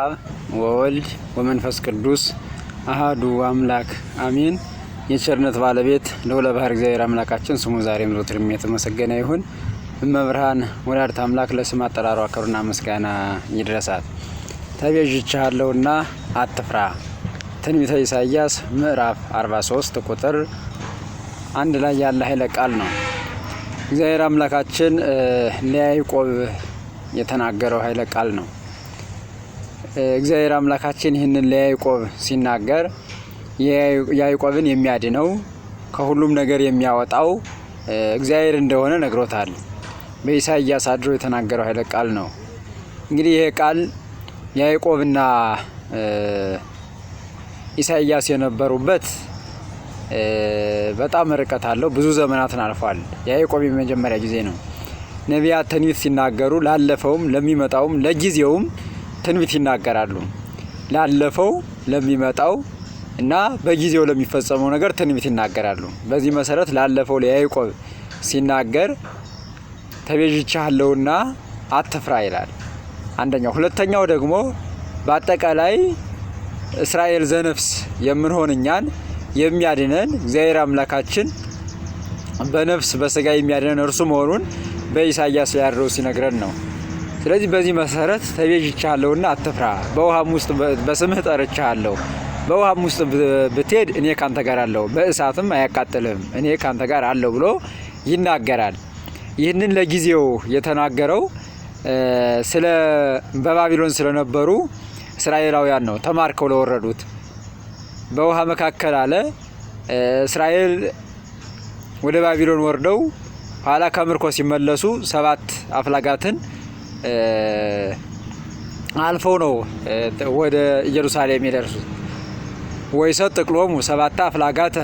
አብ ወወልድ ወመንፈስ ቅዱስ አሃዱ አምላክ አሚን የቸርነት ባለቤት ልዑለ ባሕርይ እግዚአብሔር አምላካችን ስሙ ዛሬም ዘወትርም የተመሰገነ ይሁን። እመብርሃን ወላዲተ አምላክ ለስም አጠራሯ ክብርና ምስጋና ይድረሳት። ተቤዥቻለሁና አትፍራ። ትንቢተ ኢሳይያስ ምዕራፍ 43 ቁጥር አንድ ላይ ያለ ኃይለ ቃል ነው። እግዚአብሔር አምላካችን ለያዕቆብ የተናገረው ኃይለ ቃል ነው። እግዚአብሔር አምላካችን ይህንን ለያይቆብ ሲናገር ያይቆብን የሚያድነው ከሁሉም ነገር የሚያወጣው እግዚአብሔር እንደሆነ ነግሮታል። በኢሳይያስ አድሮ የተናገረው ኃይለ ቃል ነው። እንግዲህ ይህ ቃል ያይቆብና ኢሳይያስ የነበሩበት በጣም ርቀት አለው። ብዙ ዘመናትን አልፏል። ያይቆብ የመጀመሪያ ጊዜ ነው። ነቢያት ትንቢት ሲናገሩ ላለፈውም፣ ለሚመጣውም፣ ለጊዜውም ትንቢት ይናገራሉ። ላለፈው፣ ለሚመጣው እና በጊዜው ለሚፈጸመው ነገር ትንቢት ይናገራሉ። በዚህ መሰረት ላለፈው ለያዕቆብ ሲናገር ተቤዥቻለሁና አትፍራ ይላል። አንደኛው። ሁለተኛው ደግሞ በአጠቃላይ እስራኤል ዘነፍስ የምንሆን እኛን የሚያድነን እግዚአብሔር አምላካችን በነፍስ በስጋ የሚያድነን እርሱ መሆኑን በኢሳያስ ላይ ሲነግረን ነው። ስለዚህ በዚህ መሰረት ተቤዥቻለሁና አትፍራ፣ በውሃም ውስጥ በስምህ ጠርቻለሁ። በውሃም ውስጥ ብትሄድ እኔ ካንተ ጋር አለሁ፣ በእሳትም አያቃጥልም፣ እኔ ካንተ ጋር አለሁ ብሎ ይናገራል። ይህንን ለጊዜው የተናገረው ስለ በባቢሎን ስለነበሩ እስራኤላውያን ነው፣ ተማርከው ለወረዱት። በውሃ መካከል አለ እስራኤል ወደ ባቢሎን ወርደው ኋላ ከምርኮ ሲመለሱ ሰባት አፍላጋትን አልፈው ነው ወደ ኢየሩሳሌም የደርሱት። ወይሰ ጥቅሎሙ ሰባታ አፍላጋተ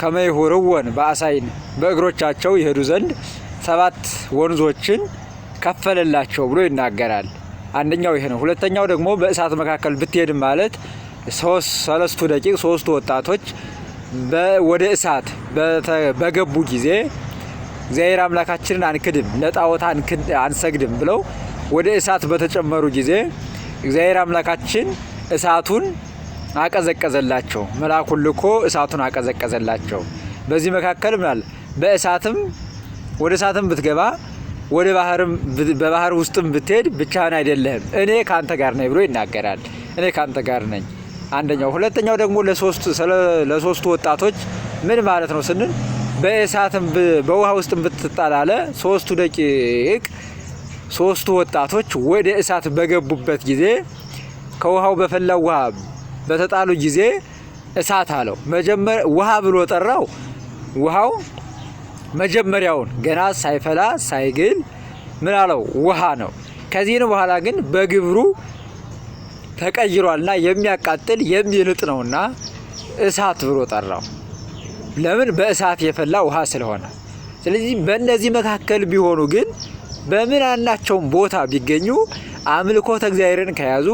ከመይሁርወን በአሳይን በእግሮቻቸው ይሄዱ ዘንድ ሰባት ወንዞችን ከፈለላቸው ብሎ ይናገራል። አንደኛው ይሄ ነው። ሁለተኛው ደግሞ በእሳት መካከል ብትሄድም ማለት ሰለስቱ ደቂቅ ሶስቱ ወጣቶች ወደ እሳት በገቡ ጊዜ እግዚአብሔር አምላካችንን አንክድም፣ ለጣዖት አንሰግድም ብለው ወደ እሳት በተጨመሩ ጊዜ እግዚአብሔር አምላካችን እሳቱን አቀዘቀዘላቸው። መልአኩን ልኮ እሳቱን አቀዘቀዘላቸው። በዚህ መካከል ምናል በእሳትም ወደ እሳትም ብትገባ ወደ ባህርም በባህር ውስጥም ብትሄድ ብቻህን አይደለህም፣ እኔ ከአንተ ጋር ነኝ ብሎ ይናገራል። እኔ ከአንተ ጋር ነኝ አንደኛው። ሁለተኛው ደግሞ ለሶስቱ ወጣቶች ምን ማለት ነው ስንል በእሳትም በውሃ ውስጥም ብትጣላለ ሶስቱ ደቂቅ ሶስቱ ወጣቶች ወደ እሳት በገቡበት ጊዜ ከውሃው በፈላው ውሃ በተጣሉ ጊዜ እሳት አለው። መጀመሪያ ውሃ ብሎ ጠራው። ውሃው መጀመሪያውን ገና ሳይፈላ ሳይግል ምን አለው? ውሃ ነው። ከዚህን በኋላ ግን በግብሩ ተቀይሯልና የሚያቃጥል የሚልጥ ነውና እሳት ብሎ ጠራው። ለምን በእሳት የፈላ ውሃ ስለሆነ። ስለዚህ በእነዚህ መካከል ቢሆኑ ግን በምን አናቸውም ቦታ ቢገኙ አምልኮተ እግዚአብሔርን ከያዙ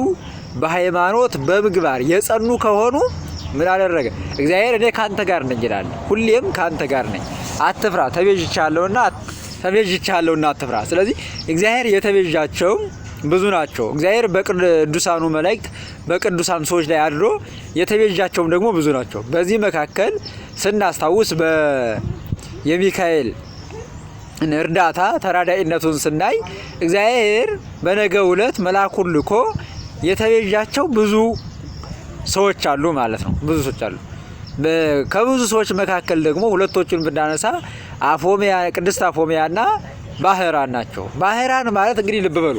በሃይማኖት በምግባር የጸኑ ከሆኑ ምን አደረገ እግዚአብሔር? እኔ ከአንተ ጋር ነኝ ይላል። ሁሌም ካንተ ጋር ነኝ፣ አትፍራ፣ ተቤዥቻለሁና ተቤዥቻለሁና አትፍራ። ስለዚህ እግዚአብሔር የተቤዣቸውም ብዙ ናቸው። እግዚአብሔር በቅዱሳኑ መላእክት በቅዱሳን ሰዎች ላይ አድሮ የተቤዣቸውም ደግሞ ብዙ ናቸው። በዚህ መካከል ስናስታውስ የሚካኤል እርዳታ ተራዳኢነቱን ስናይ እግዚአብሔር በነገ ዕለት መልአኩን ልኮ የተቤዣቸው ብዙ ሰዎች አሉ ማለት ነው። ብዙ ሰዎች አሉ። ከብዙ ሰዎች መካከል ደግሞ ሁለቶቹን ብናነሳ አፎሚያ ቅድስት አፎሚያና ባህራን ናቸው። ባህራን ማለት እንግዲህ ልብ በሉ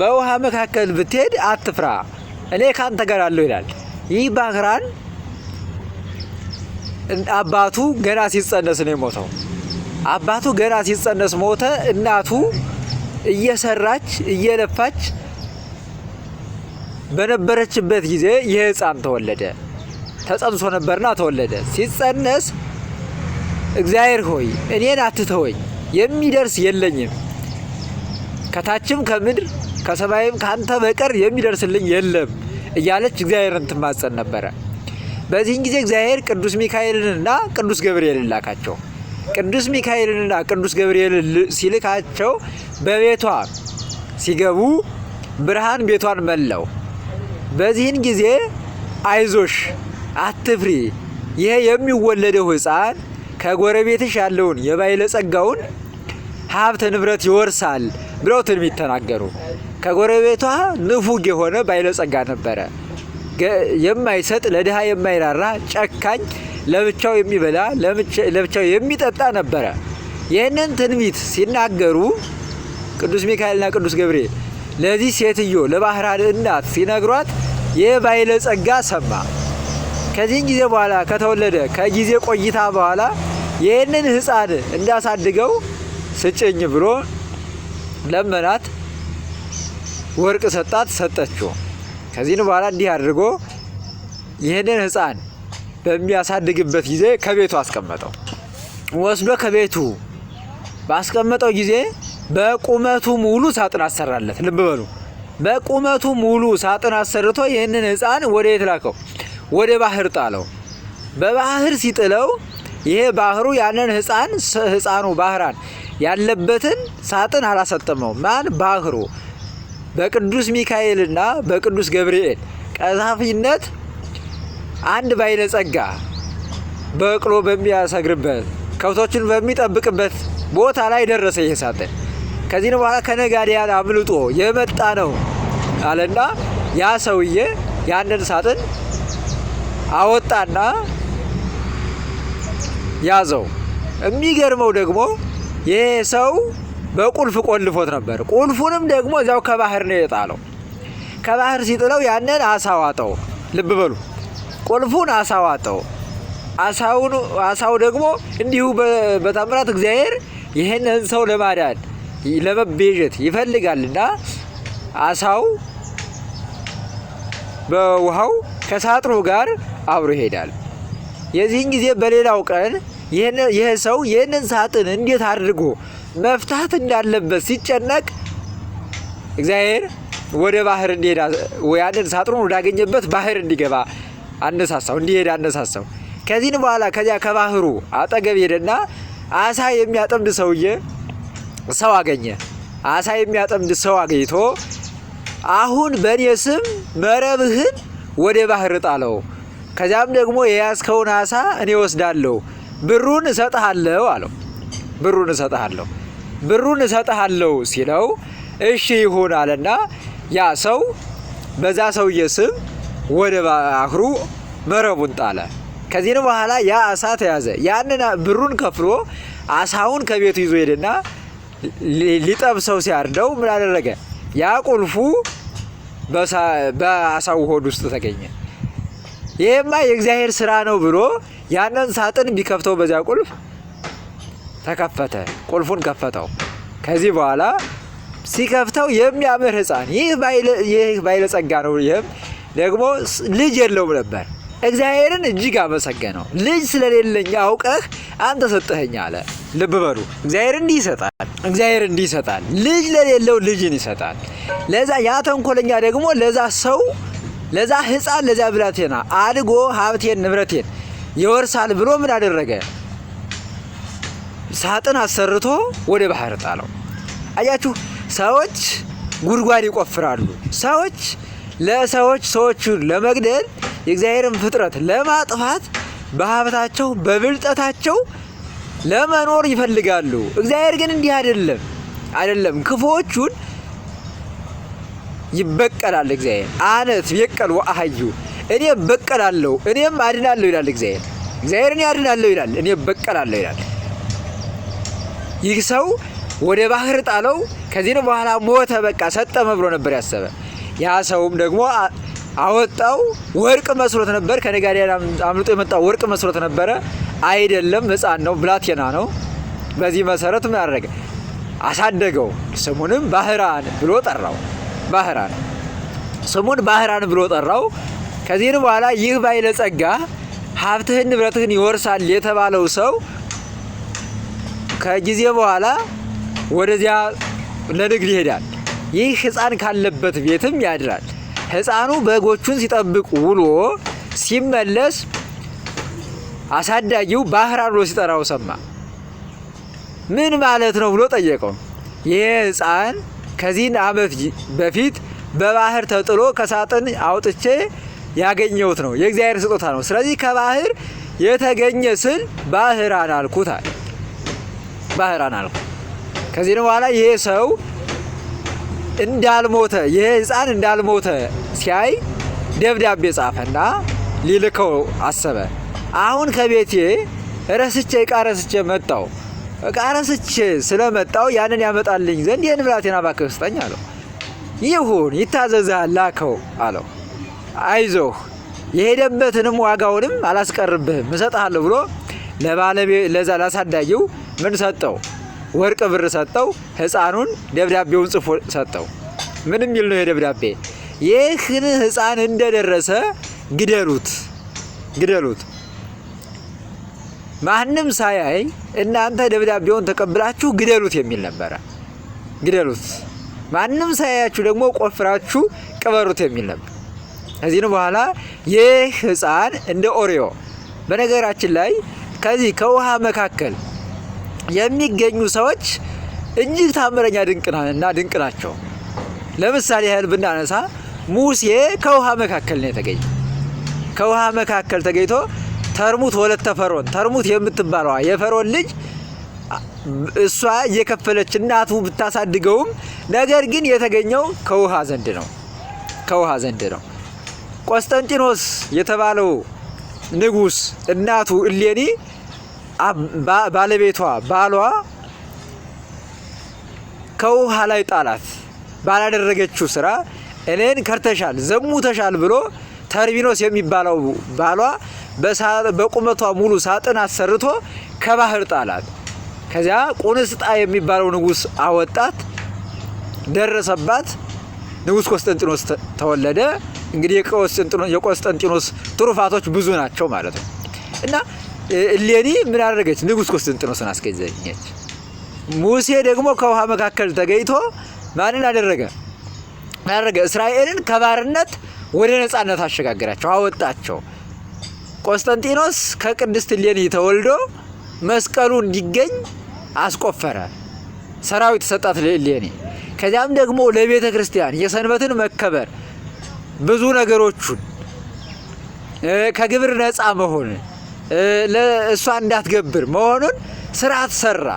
በውሃ መካከል ብትሄድ አትፍራ፣ እኔ ካንተ ጋር አለሁ ይላል። ይህ ባክራን አባቱ ገና ሲጸነስ ነው የሞተው። አባቱ ገና ሲጸነስ ሞተ። እናቱ እየሰራች እየለፋች በነበረችበት ጊዜ ይህ ተወለደ። ተጸንሶ ነበርና ተወለደ። ሲጸነስ እግዚአብሔር ሆይ እኔን አትተወኝ፣ የሚደርስ የለኝም ከታችም ከምድር ከሰማይም ካንተ በቀር የሚደርስልኝ የለም እያለች እግዚአብሔርን ትማጸን ነበረ። በዚህን ጊዜ እግዚአብሔር ቅዱስ ሚካኤልንና ቅዱስ ገብርኤልን ላካቸው። ቅዱስ ሚካኤልንና ቅዱስ ገብርኤልን ሲልካቸው በቤቷ ሲገቡ ብርሃን ቤቷን መላው። በዚህን ጊዜ አይዞሽ፣ አትፍሪ፣ ይሄ የሚወለደው ሕፃን ከጎረቤትሽ ያለውን የባለጸጋውን ሀብት ንብረት ይወርሳል ብለው ትንቢት ተናገሩ። ከጎረቤቷ ንፉግ የሆነ ባለጸጋ ነበረ። የማይሰጥ ለድሃ የማይራራ ጨካኝ፣ ለብቻው የሚበላ ለብቻው የሚጠጣ ነበረ። ይህንን ትንቢት ሲናገሩ ቅዱስ ሚካኤልና ቅዱስ ገብርኤል ለዚህ ሴትዮ ለባህራን እናት ሲነግሯት የባለጸጋ ሰማ። ከዚህን ጊዜ በኋላ ከተወለደ ከጊዜ ቆይታ በኋላ ይህንን ሕፃን እንዳሳድገው ስጭኝ ብሎ ለመናት። ወርቅ ሰጣት፣ ሰጠችው። ከዚህን በኋላ እንዲህ አድርጎ ይህንን ህፃን በሚያሳድግበት ጊዜ ከቤቱ አስቀመጠው። ወስዶ ከቤቱ ባስቀመጠው ጊዜ በቁመቱ ሙሉ ሳጥን አሰራለት። ልብ በሉ፣ በቁመቱ ሙሉ ሳጥን አሰርቶ ይህንን ህፃን ወደ የት ላከው? ወደ ባህር ጣለው። በባህር ሲጥለው ይሄ ባህሩ ያንን ህፃን ህፃኑ ባህራን ያለበትን ሳጥን አላሰጠመው። ማን? ባህሩ በቅዱስ ሚካኤልና በቅዱስ ገብርኤል ቀዛፊነት አንድ ጸጋ በቅሎ በሚያሰግርበት ከብቶችን በሚጠብቅበት ቦታ ላይ ደረሰ። ይሄ ሳጥን ከዚህ ነው በኋላ ከነጋዴያን አምልጦ የመጣ ነው አለና ያ ሰውዬ ያንን ሳጥን አወጣና ያዘው። የሚገርመው ደግሞ ይሄ ሰው በቁልፍ ቆልፎት ነበር። ቁልፉንም ደግሞ እዚያው ከባህር ነው የጣለው። ከባህር ሲጥለው ያንን አሳዋጠው። ልብ በሉ፣ ቁልፉን አሳዋጠው። አሳው ደግሞ እንዲሁ በታምራት እግዚአብሔር ይህንን ሰው ለማዳን ለመቤዠት ይፈልጋልና አሳው በውሃው ከሳጥኑ ጋር አብሮ ይሄዳል። የዚህን ጊዜ በሌላው ቀን ይህ ሰው ይህንን ሳጥን እንዴት አድርጎ መፍታት እንዳለበት ሲጨነቅ እግዚአብሔር ወደ ባህር እንዲሄድ ያንን ሳጥኑን ወዳገኘበት ባህር እንዲገባ አነሳሳው፣ እንዲሄድ አነሳሳው። ከዚህን በኋላ ከዚያ ከባህሩ አጠገብ ሄደና አሳ የሚያጠምድ ሰውዬ ሰው አገኘ። አሳ የሚያጠምድ ሰው አገኝቶ አሁን በእኔ ስም መረብህን ወደ ባህር ጣለው፣ ከዚያም ደግሞ የያዝከውን አሳ እኔ ወስዳለሁ፣ ብሩን እሰጥሃለሁ አለው። ብሩን እሰጥሃለሁ ብሩን እሰጥሃለሁ ሲለው እሺ ይሁን አለና ያ ሰው በዛ ሰውዬ ስም ወደ ባህሩ መረቡን ጣለ። ከዚህን በኋላ ያ አሳ ተያዘ። ያንን ብሩን ከፍሎ አሳውን ከቤቱ ይዞ ሄድና ሊጠብሰው ሲያርደው ምን አደረገ? ያ ቁልፉ በአሳው ሆድ ውስጥ ተገኘ። ይሄማ የእግዚአብሔር ስራ ነው ብሎ ያንን ሳጥን ቢከፍተው በዚያ ቁልፍ ተከፈተ። ቁልፉን ከፈተው። ከዚህ በኋላ ሲከፍተው የሚያምር ህፃን ይህ ባለጸጋ ነው። ይህም ደግሞ ልጅ የለውም ነበር። እግዚአብሔርን እጅግ አመሰገነው። ልጅ ስለሌለኝ አውቀህ አንተ ሰጠኸኝ አለ። ልብ በሉ እግዚአብሔር እንዲህ ይሰጣል። እግዚአብሔር እንዲህ ይሰጣል። ልጅ ለሌለው ልጅን ይሰጣል። ለዛ ያ ተንኮለኛ ደግሞ ለዛ ሰው ለዛ ህፃን ለዚያ ብላቴና አድጎ ሀብቴን ንብረቴን ይወርሳል ብሎ ምን አደረገ? ሳጥን አሰርቶ ወደ ባህር ጣለው። አያችሁ፣ ሰዎች ጉድጓድ ይቆፍራሉ። ሰዎች ለሰዎች ሰዎቹን ለመግደል የእግዚአብሔርን ፍጥረት ለማጥፋት በሀብታቸው በብልጠታቸው ለመኖር ይፈልጋሉ። እግዚአብሔር ግን እንዲህ አይደለም አይደለም። ክፉዎቹን ይበቀላል እግዚአብሔር። አነት የቀል ወአህዩ እኔ በቀላለሁ እኔም አድናለሁ ይላል እግዚአብሔር። እግዚአብሔር እኔ አድናለሁ ይላል፣ እኔ በቀላለሁ ይላል። ይህ ሰው ወደ ባህር ጣለው። ከዚህ በኋላ ሞተ፣ በቃ ሰጠመ ብሎ ነበር ያሰበ። ያ ሰውም ደግሞ አወጣው፣ ወርቅ መስሎት ነበር። ከነጋዴ አምልጦ የመጣው ወርቅ መስሎት ነበረ። አይደለም፣ ሕፃን ነው፣ ብላቴና ነው። በዚህ መሰረት ምን አደረገ? አሳደገው። ስሙንም ባህራን ብሎ ጠራው። ባህራን ስሙን ባህራን ብሎ ጠራው። ከዚህን በኋላ ይህ ባይለጸጋ ሀብትህን ንብረትህን ይወርሳል የተባለው ሰው ከጊዜ በኋላ ወደዚያ ለንግድ ይሄዳል። ይህ ህፃን ካለበት ቤትም ያድራል። ህፃኑ በጎቹን ሲጠብቅ ውሎ ሲመለስ አሳዳጊው ባህር ሲጠራው ሰማ። ምን ማለት ነው ብሎ ጠየቀው። ይህ ህፃን ከዚህን አመት በፊት በባህር ተጥሎ ከሳጥን አውጥቼ ያገኘሁት ነው። የእግዚአብሔር ስጦታ ነው። ስለዚህ ከባህር የተገኘ ስል ባህራን አልኩታል። ባህራን አልኩ። ከዚህ በኋላ ይሄ ሰው እንዳልሞተ ይሄ ህፃን እንዳልሞተ ሲያይ ደብዳቤ ጻፈና ሊልከው አሰበ። አሁን ከቤቴ ረስቼ እቃ ረስቼ መጣው እቃ ረስቼ ስለመጣው ያንን ያመጣልኝ ዘንድ ይህን ብላቴና እባክህ ስጠኝ አለው። ይሁን ይታዘዝሃል፣ ላከው አለው። አይዞህ የሄደበትንም ዋጋውንም አላስቀርብህም እሰጥሃለሁ ብሎ ለባለቤ ለዛ ላሳዳጊው ምን ሰጠው? ወርቅ ብር ሰጠው። ህፃኑን ደብዳቤውን ጽፎ ሰጠው። ምን የሚል ነው የደብዳቤ? ይህን ህፃን እንደደረሰ ግደሉት፣ ግደሉት። ማንም ሳያይ እናንተ ደብዳቤውን ተቀብላችሁ ግደሉት የሚል ነበረ። ግደሉት፣ ማንም ሳያያችሁ ደግሞ ቆፍራችሁ ቅበሩት የሚል ነበር። ከዚህም በኋላ ይህ ህፃን እንደ ኦሪዮ በነገራችን ላይ ከዚህ ከውሃ መካከል የሚገኙ ሰዎች እጅግ ታምረኛ ድንቅና ድንቅ ናቸው። ለምሳሌ ያህል ብናነሳ ሙሴ ከውሃ መካከል ነው የተገኘ። ከውሃ መካከል ተገኝቶ ተርሙት ወለተ ፈሮን ተርሙት የምትባለዋ የፈሮን ልጅ እሷ እየከፈለች እናቱ ብታሳድገውም ነገር ግን የተገኘው ከውሃ ዘንድ ነው። ከውሃ ዘንድ ነው። ቆስጠንጢኖስ የተባለው ንጉስ እናቱ እሌኒ ባለቤቷ ባሏ ከውሃ ላይ ጣላት። ባላደረገችው ስራ እኔን ከርተሻል፣ ዘሙተሻል ብሎ ተርቢኖስ የሚባለው ባሏ በቁመቷ ሙሉ ሳጥን አሰርቶ ከባህር ጣላት። ከዚያ ቁንስጣ የሚባለው ንጉስ አወጣት፣ ደረሰባት። ንጉስ ቆስጠንጢኖስ ተወለደ። እንግዲህ የቆስጠንጢኖስ ትሩፋቶች ብዙ ናቸው ማለት ነው እና እሌኒ ምን አደረገች? ንጉስ ቆስጠንጢኖስን አስገኘች። ሙሴ ደግሞ ከውሃ መካከል ተገኝቶ ማንን አደረገ? አደረገ እስራኤልን ከባርነት ወደ ነጻነት አሸጋገራቸው፣ አወጣቸው። ቆስጠንጢኖስ ከቅድስት እሌኒ ተወልዶ መስቀሉ እንዲገኝ አስቆፈረ። ሰራዊት ሰጣት ለእሌኒ። ከዚያም ደግሞ ለቤተ ክርስቲያን የሰንበትን መከበር ብዙ ነገሮቹን ከግብር ነፃ መሆን ለእሷ እንዳትገብር መሆኑን ስርዓት ሰራ።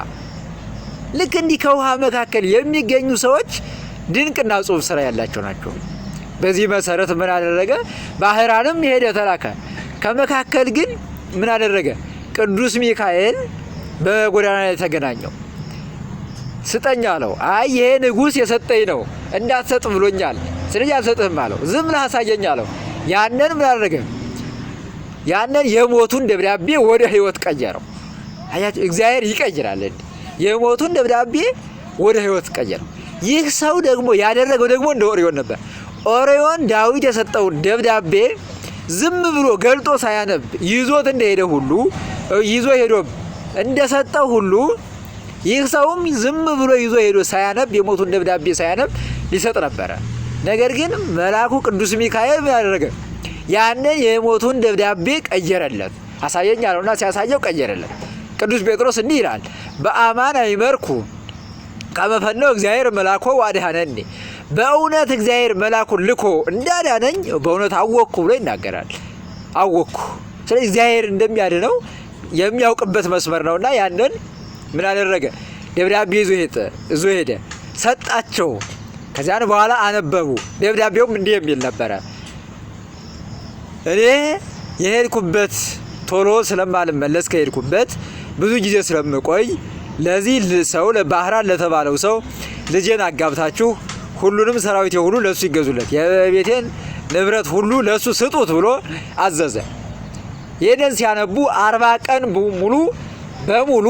ልክ እንዲህ ከውሃ መካከል የሚገኙ ሰዎች ድንቅና ጽሁፍ ስራ ያላቸው ናቸው። በዚህ መሰረት ምን አደረገ? ባህራንም ሄደ ተላከ። ከመካከል ግን ምን አደረገ? ቅዱስ ሚካኤል በጎዳና ላይ ተገናኘው። ስጠኝ አለው። አይ ይሄ ንጉሥ የሰጠኝ ነው እንዳትሰጥ ብሎኛል፣ ስለዚህ አልሰጥህም አለው። ዝም ብለህ አሳየኝ አለው። ያንን ምን አደረገ? ያንን የሞቱን ደብዳቤ ወደ ህይወት ቀየረው። አያችሁ እግዚአብሔር ይቀይራል። የሞቱን ደብዳቤ ወደ ህይወት ቀየረው። ይህ ሰው ደግሞ ያደረገው ደግሞ እንደ ኦሪዮን ነበር። ኦሪዮን ዳዊት የሰጠውን ደብዳቤ ዝም ብሎ ገልጦ ሳያነብ ይዞት እንደሄደ ሁሉ ይዞ ሄዶ እንደሰጠው ሁሉ ይህ ሰውም ዝም ብሎ ይዞ ሄዶ ሳያነብ የሞቱን ደብዳቤ ሳያነብ ሊሰጥ ነበረ። ነገር ግን መልአኩ ቅዱስ ሚካኤል ያደረገ ያንን የሞቱን ደብዳቤ ቀየረለት። አሳየኝ አለውና ሲያሳየው ቀየረለት። ቅዱስ ጴጥሮስ እንዲህ ይላል፣ በአማን አይመርኩ ቀመፈነው እግዚአብሔር መላኮ ዋድሃነኒ፣ በእውነት እግዚአብሔር መላኩ ልኮ እንዳዳነኝ በእውነት አወቅኩ ብሎ ይናገራል። አወቅኩ ስለዚህ እግዚአብሔር እንደሚያድነው የሚያውቅበት መስመር ነውና ያንን ምን አደረገ? ደብዳቤ ይዞ ሄደ፣ ሰጣቸው። ከዚያን በኋላ አነበቡ። ደብዳቤውም እንዲህ የሚል ነበረ እኔ የሄድኩበት ቶሎ ስለማልመለስ ከሄድኩበት ብዙ ጊዜ ስለምቆይ ለዚህ ሰው ለባህራን ለተባለው ሰው ልጄን አጋብታችሁ ሁሉንም ሰራዊት ሁሉ ለሱ ይገዙለት፣ የቤቴን ንብረት ሁሉ ለሱ ስጡት ብሎ አዘዘ። ይህንን ሲያነቡ አርባ ቀን ሙሉ በሙሉ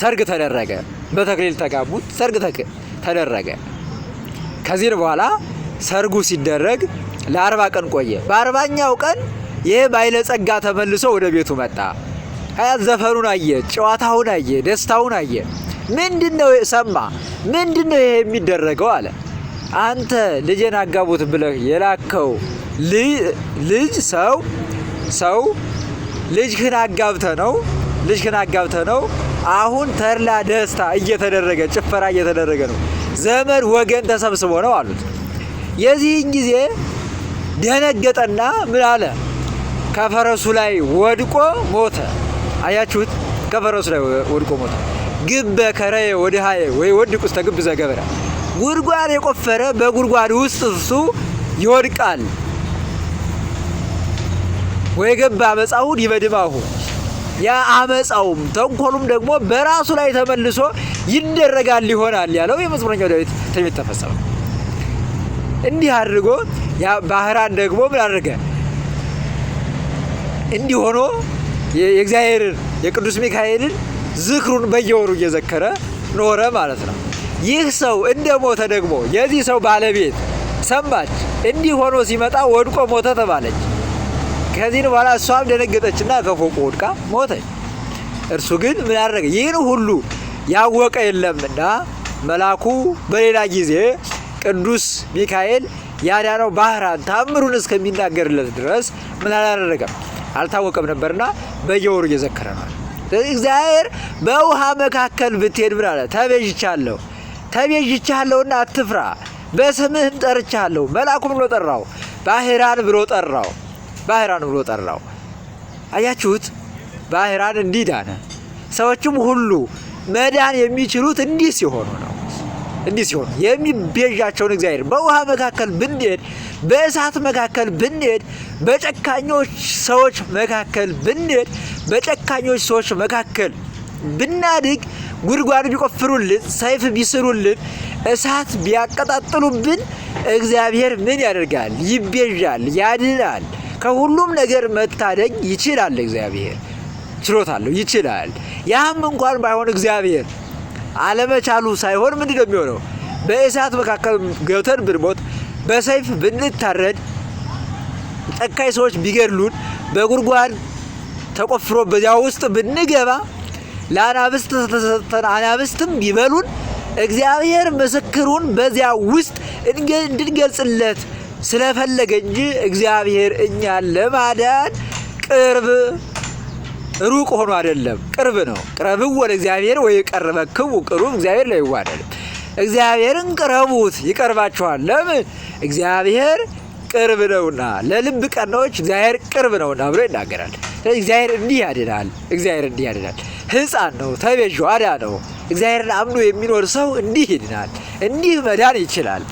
ሰርግ ተደረገ። በተክሊል ተጋቡት፣ ሰርግ ተደረገ። ከዚህ በኋላ ሰርጉ ሲደረግ ለአርባ ቀን ቆየ። በአርባኛው ቀን ይህ ባለጸጋ ተመልሶ ወደ ቤቱ መጣ። ሀያት ዘፈኑን አየ፣ ጨዋታውን አየ፣ ደስታውን አየ። ምንድን ነው ሰማ? ምንድን ነው ይሄ የሚደረገው አለ። አንተ ልጄን አጋቡት ብለህ የላከው ልጅ ሰው ሰው ልጅህን አጋብተ ነው ልጅህን አጋብተ ነው። አሁን ተድላ ደስታ እየተደረገ ጭፈራ እየተደረገ ነው። ዘመድ ወገን ተሰብስቦ ነው አሉት። የዚህን ጊዜ ደነገጠና ምን አለ? ከፈረሱ ላይ ወድቆ ሞተ። አያችሁት? ከፈረሱ ላይ ወድቆ ሞተ። ግበ ከረየ ወድሃየ ወይ ወድቅ ውስጥ ተግብዘ ገበረ ጉድጓድ የቆፈረ በጉድጓድ ውስጥ እሱ ይወድቃል። ወይ ገባ አመፃውን ይበድማሁ ያ አመፃውም ተንኮሉም ደግሞ በራሱ ላይ ተመልሶ ይደረጋል ይሆናል ያለው የመዝሙረኛው ዳዊት ትንቢት ተፈጸመ። እንዲህ አድርጎ ባህራን ደግሞ ምን አደረገ? እንዲህ ሆኖ የእግዚአብሔርን የቅዱስ ሚካኤልን ዝክሩን በየወሩ እየዘከረ ኖረ ማለት ነው። ይህ ሰው እንደ ሞተ ደግሞ የዚህ ሰው ባለቤት ሰማች። እንዲህ ሆኖ ሲመጣ ወድቆ ሞተ ተባለች። ከዚህን በኋላ እሷም ደነገጠችና ከፎቁ ወድቃ ሞተች። እርሱ ግን ምን አደረገ? ይህን ሁሉ ያወቀ የለምና መልአኩ በሌላ ጊዜ ቅዱስ ሚካኤል ያዳነው ባህራን ታምሩን እስከሚናገርለት ድረስ ምን አላደረገም? አልታወቀም ነበርና በየወሩ እየዘከረ ነው። ስለዚህ እግዚአብሔር በውሃ መካከል ብትሄድ ምን አለ? ተቤዥቻለሁ፣ ተቤዥቻለሁና አትፍራ፣ በስምህም ጠርቻለሁ። መልአኩ ብሎ ጠራው፣ ባህራን ብሎ ጠራው፣ ባህራን ብሎ ጠራው። አያችሁት? ባህራን እንዲህ ዳነ። ሰዎችም ሁሉ መዳን የሚችሉት እንዲህ ሲሆኑ ነው። እንዲህ ሲሆን የሚቤዣቸውን እግዚአብሔር በውሃ መካከል ብንሄድ፣ በእሳት መካከል ብንሄድ፣ በጨካኞች ሰዎች መካከል ብንሄድ፣ በጨካኞች ሰዎች መካከል ብናድግ፣ ጉድጓድ ቢቆፍሩልን፣ ሰይፍ ቢስሩልን፣ እሳት ቢያቀጣጥሉብን፣ እግዚአብሔር ምን ያደርጋል? ይቤዣል፣ ያድናል። ከሁሉም ነገር መታደግ ይችላል። እግዚአብሔር ችሎታ አለው፣ ይችላል። ያም እንኳን ባይሆን እግዚአብሔር አለመቻሉ ሳይሆን ምንድን ነው የሚሆነው? በእሳት መካከል ገብተን ብንሞት፣ በሰይፍ ብንታረድ፣ ጠካይ ሰዎች ቢገድሉን፣ በጉድጓድ ተቆፍሮ በዚያ ውስጥ ብንገባ፣ ለአናብስት ተሰጥተን አናብስትም ቢበሉን እግዚአብሔር ምስክሩን በዚያ ውስጥ እንድንገልጽለት ስለፈለገ እንጂ እግዚአብሔር እኛን ለማዳን ቅርብ ሩቅ ሆኖ አይደለም፣ ቅርብ ነው። ወደ እግዚአብሔር ወይ ቀረበ ክቡ ቅሩብ እግዚአብሔር ላይ ይዋደል እግዚአብሔርን ቅረቡት ይቀርባችኋል። ለምን እግዚአብሔር ቅርብ ነውና፣ ለልብ ቀናዎች እግዚአብሔር ቅርብ ነውና ብሎ ይናገራል። እግዚአብሔር እንዲህ ያድናል። እግዚአብሔር እንዲህ ያድናል። ሕፃን ነው ተቤዥ አዳ ነው። እግዚአብሔርን አምኖ የሚኖር ሰው እንዲህ ይድናል። እንዲህ መዳን ይችላል።